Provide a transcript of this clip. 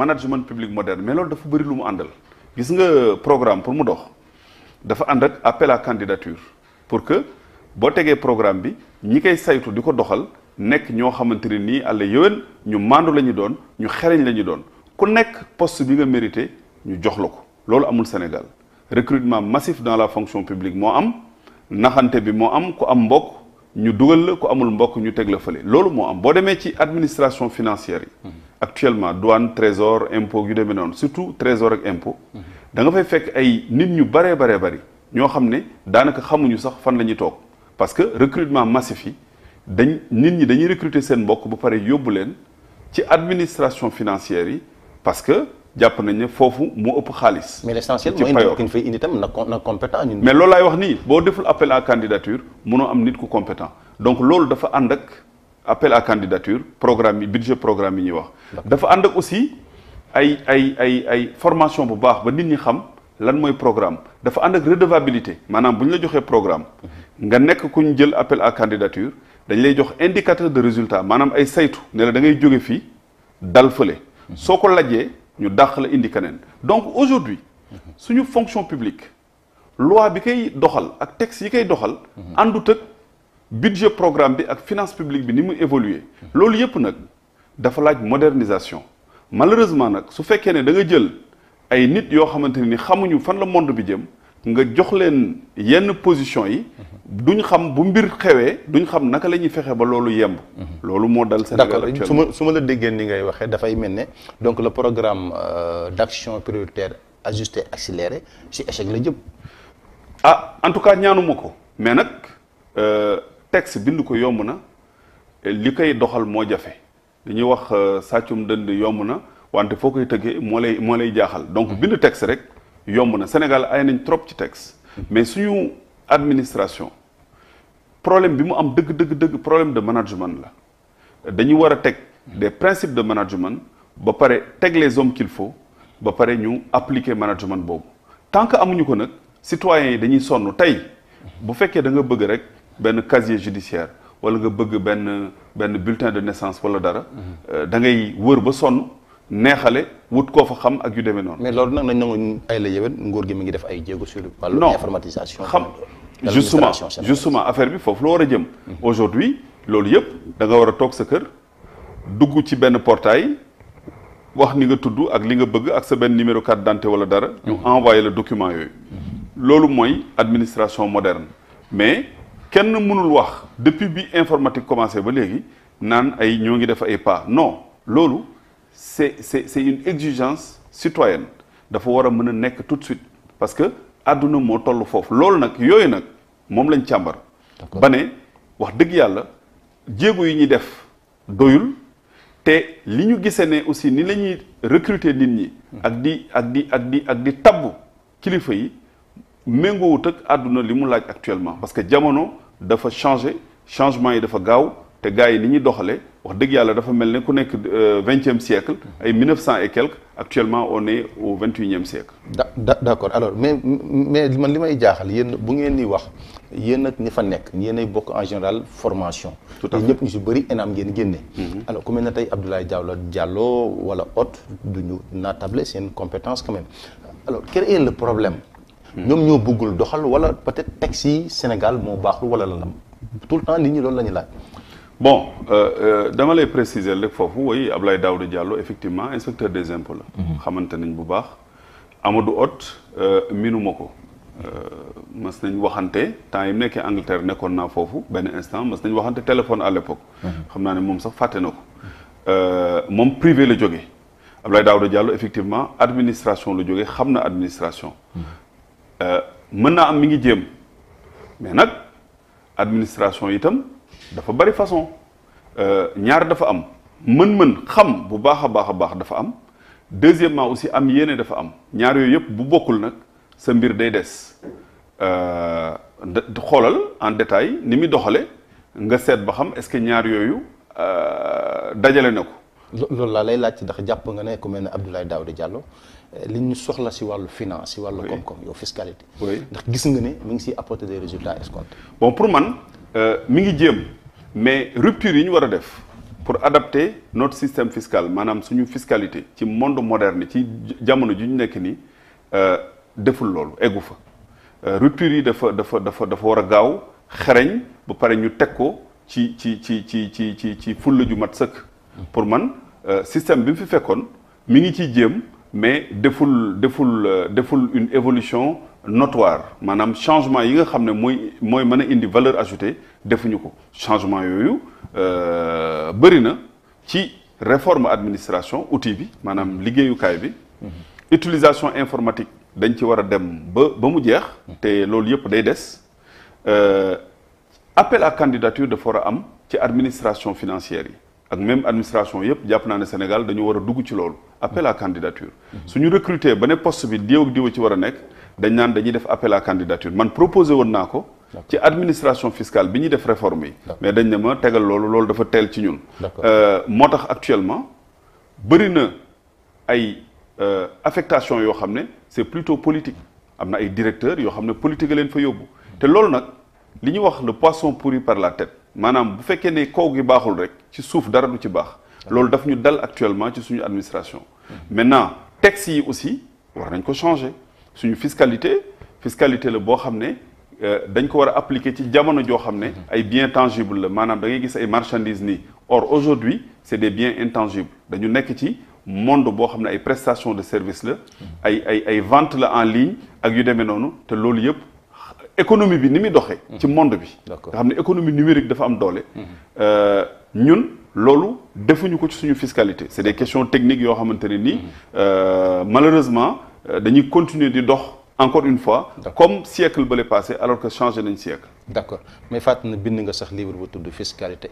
management public moderne mais loolu dafa bëri lu mu àndal gis nga programme pour mu dox dafa ànd ak appel à candidature pour que boo tegee programme bi ñi koy saytu di ko doxal nekk ñoo xamante ne nii àlla yéwén ñu maandu la ñu doon ñu xereñ la ñu doon ku nekk post bi nga mérité ñu jox la ko loolu amul Sénégal recrutement massif dans la fonction publique moo am naxante bi moo am ku am mbokk ñu dugal la ku amul mbokk ñu teg la fële loolu moo am boo demee ci administration financière yi hmm. actuellement douane trésor impôt yu demee noonu surtout trésor ak impôt mhm. da nga fay fekk ay nit ñu baree baree bari ñoo xam ne daanaka xamuñu sax fan la ñuy toog parce que recrutement massif yi dañ nit ñi dañuy recruter seen mbokk ba pare yóbbu leen ci administration financière yi parce que jàpp nañ ne foofu moo ëpp xaalis. mais l'essentiel mooy nit fay indi tam na compétent mais loolu laay wax nii boo deful appel à candidature mënoo am nit ku compétent donc loolu dafa ànd ak. appel à candidature programme yi budget programme yi ñuy wax. dafa ànd ak aussi ay ay ay ay formation bu baax ba nit ñi xam lan mooy programme dafa ànd ak redevabilité maanaam bu ñu la joxee programme mhm. nga nekk ku ñu jël appel à candidature dañ lay jox indicateur de résultat maanaam ay saytu ne la da ngay jóge fii dal fële mhm. soo ko lajee ñu dàq la indi keneen donc aujourd'hui mhm. suñu fonction publique loi bi koy doxal ak texte yi kay doxal àndut ak budget programme bi ak finance publique bi ni mu évoluer loolu yëpp nag dafa laaj modernisation malheureusement nag su fekkee ne da nga jël ay nit yoo xamante ni xamuñu fan la monde bi jëm nga jox leen yenn position yi duñ xam bu mbir xewee duñ xam naka la ñuy fexe ba loolu yemb loolu moo dal Sénégal actuellement su ma su la déggee ni ngay waxee dafay mel ne donc la programme euh, d'action prioritaire ajusté accéléré si échec la jëm ah en tout cas ñaanuma ko mais nag euh, texte bind ko yomb na li koy doxal moo jafe dañuy wax euh, sàccum dënd yomb na wante foo koy tëggee moo lay moo lay jaaxal donc mm-hmm. bind texte rek yomb na Sénégal ay nañ trop ci texte mm-hmm. mais suñu administration problème bi mu am dëgg dëgg problème de management la dañuy war a teg mm-hmm. de principes de management ba pare teg les hommes qu'il faut ba pare ñu appliquer management boobu tant que amuñu ko nag citoyens yi dañuy sonn tey bu fekkee da nga bëgg rek benn casier judiciaire wala nga bëgg benn benn bulletin de naissance wala dara. Mhm. dangay wër ba sonn neexale wut koo fa xam ak yu demee noonu. mais loolu nag nañ nangu ay la yéwén nguur gi mi ngi def ay jéego sur wàllu informatisation. xam justement justement affaire bi foofu la war a jëm. Mhm. aujourd'hui loolu yëpp da nga war a toog sa kër dugg ci benn portaay wax ni nga tudd ak li nga bëgg ak sa benn numéro carte d'identité wala dara. ñu mhm. envoyé la document yooyu. loolu mooy administration moderne mais. kenn mënul wax depuis bi informatique commencé ba léegi naan ay ñoo ngi def ay pas non loolu c'est c'est c'est une exigence citoyenne dafa war a mën a nekk tout de suite parce que àdduna moo toll foofu loolu nag yooyu nag moom lañ càmbar ba ne wax dëgg yàlla jéego yi ñuy def doyul te li ñu gisee ne aussi ni la ñuy recruter nit ñi hmm. ak di ak di ak di ak di tabb kilifa yi méngoowut ak àdduna li mu laaj actuellement parce que jamono dafa changé changement yi dafa gaaw te gars yi ni ñuy doxalee wax dëgg yàlla dafa mel ne ku nekk euh, vingtième siècle ay mille cent et quelque actuellement on est au vingt unième siècle. da d' accord alors mais mais man li may jaaxal yéen bu ngeen di wax yéen ak ñi fa nekk yéen ay bokk en général formation. tout à fait ñëpp ñu si bëri ENAM ngeen génne. Mm-hmm. alors ku mel na tey Abdoulaye Diallo Diallo wala Hott du ñu naatable seen compétence quand même problème. ñoom ñoo bëggul doxal wala peut-être taxi yi Sénégal moo baaxul wala la lam tout le temps nit ñi loolu la ñu laaj. bon euh, euh, dama lay préciser rek foofu oui Abdoulaye Daouda Diallo effectivement inspecteur des impôts la. Mhm. xamante nañ bu baax. Amadou Hott euh, minuma ko. mas nañ waxante temps yi mu nekkee Angleterre nekkoon naa foofu benn instant mas nañ waxante téléphone à l'époque. Mhm. xam naa ne moom sax fàtte na ko. moom privé la jógee. Abdoulaye Daouda Diallo effectivement administration la jógee xam na administration. Mhm. Euh, mën naa am mi ngi jéem mais nag administration yitam dafa bari façon euh, ñaar dafa am mën-mën xam bu baax a baax a baax dafa am deuxièmement aussi am yéene dafa am ñaar yooyu yëpp bu bokkul nag sa mbir day des euh, xoolal en détail ni muy doxale nga seet ba xam est-ce que ñaar yooyu dajale na ko loolu laa lay laajte ndax jàpp nga ne ku mel ne Abdoulaye Daouda Diallo eh, li ñu soxla si wàllu finance si wàllu koom-koom yow fiscalité ndax gis nga ne mu ngi si apporter des résultats escomptés bon pour man euh, mi ngi jéem mais rupture yi ñu war a def pour adapter notre système fiscale maanaam suñu fiscalité ci monde moderne ci jamono ju ñu nekk nii euh, deful loolu eggu fa euh, rupture yi dafa dafa dafa dafa war a gaaw xereñ ba pare ñu teg ko ci ci ci ci ci ci ci fulla ju mat sëkk pour man euh, système bi mu fi fekkoon mi ngi ci jéem mais deful deful euh, deful une évolution notoire maanaam changement yi nga xam ne mooy mooy mën a indi valeur ajoutée defuñu ko changement yooyu euh, bëri na ci réforme administration outil bi maanaam liggéeyukaay bi mhm. utilisation informatique dañ ci war a dem ba ba mu jeex te loolu yëpp day des appel à candidature dafa war a am ci administration financière yi ak même administration yëpp jàpp naa ne Sénégal dañu war dugg ci loolu appel à candidature suñu recruter ba ne poste bi diw ak diw ci war a nekk dañ naan dañuy def appel à candidature man proposé woon naa ko ci administration fiscale bi ñuy def réforme yi mais dañ ne ma tegal loolu loolu dafa teel ci ñun euh, moo tax actuellement bëri na ay euh, affectation yoo xam ne c'est plutôt politique am na ay directeurs yoo xam ne politique a leen fa yóbbu te loolu nag li ñuy wax le poisson pourri par la tête maanaam bu fekkee ne kaw gi baaxul rek ci suuf dara du ci baax loolu daf ñu dal actuellement ci suñu administration maintenant textes yi aussi war nañ ko changer suñu fiscalité fiscalité la boo xam ne euh, dañ ko war a appliquer ci jamono joo xam ne mhm. ay biens tangibles la maanaam da ngay gis ay marchandise nii or aujourd'hui c'est des bien intangibles dañu nekk ci monde boo xam ne ay prestation de service la mhm. ay ay ay ventes la en ligne ak yu demee noonu te loolu yëpp économie bi ni muy doxee. Mm. ci monde bi. nga xam ne économie numérique dafa am doole. Mm-hmm. Euh, ñun loolu defuñu ko ci suñu fiscalité c'est des question techniques yoo xamante ne nii mm-hmm. euh, malheureusement euh, dañuy continuer di dox encore une fois. comme siècle bële passé alors que changé nañ siècle. d'accord mais fàttali na bind nga sax livre bu tudd fiscalité.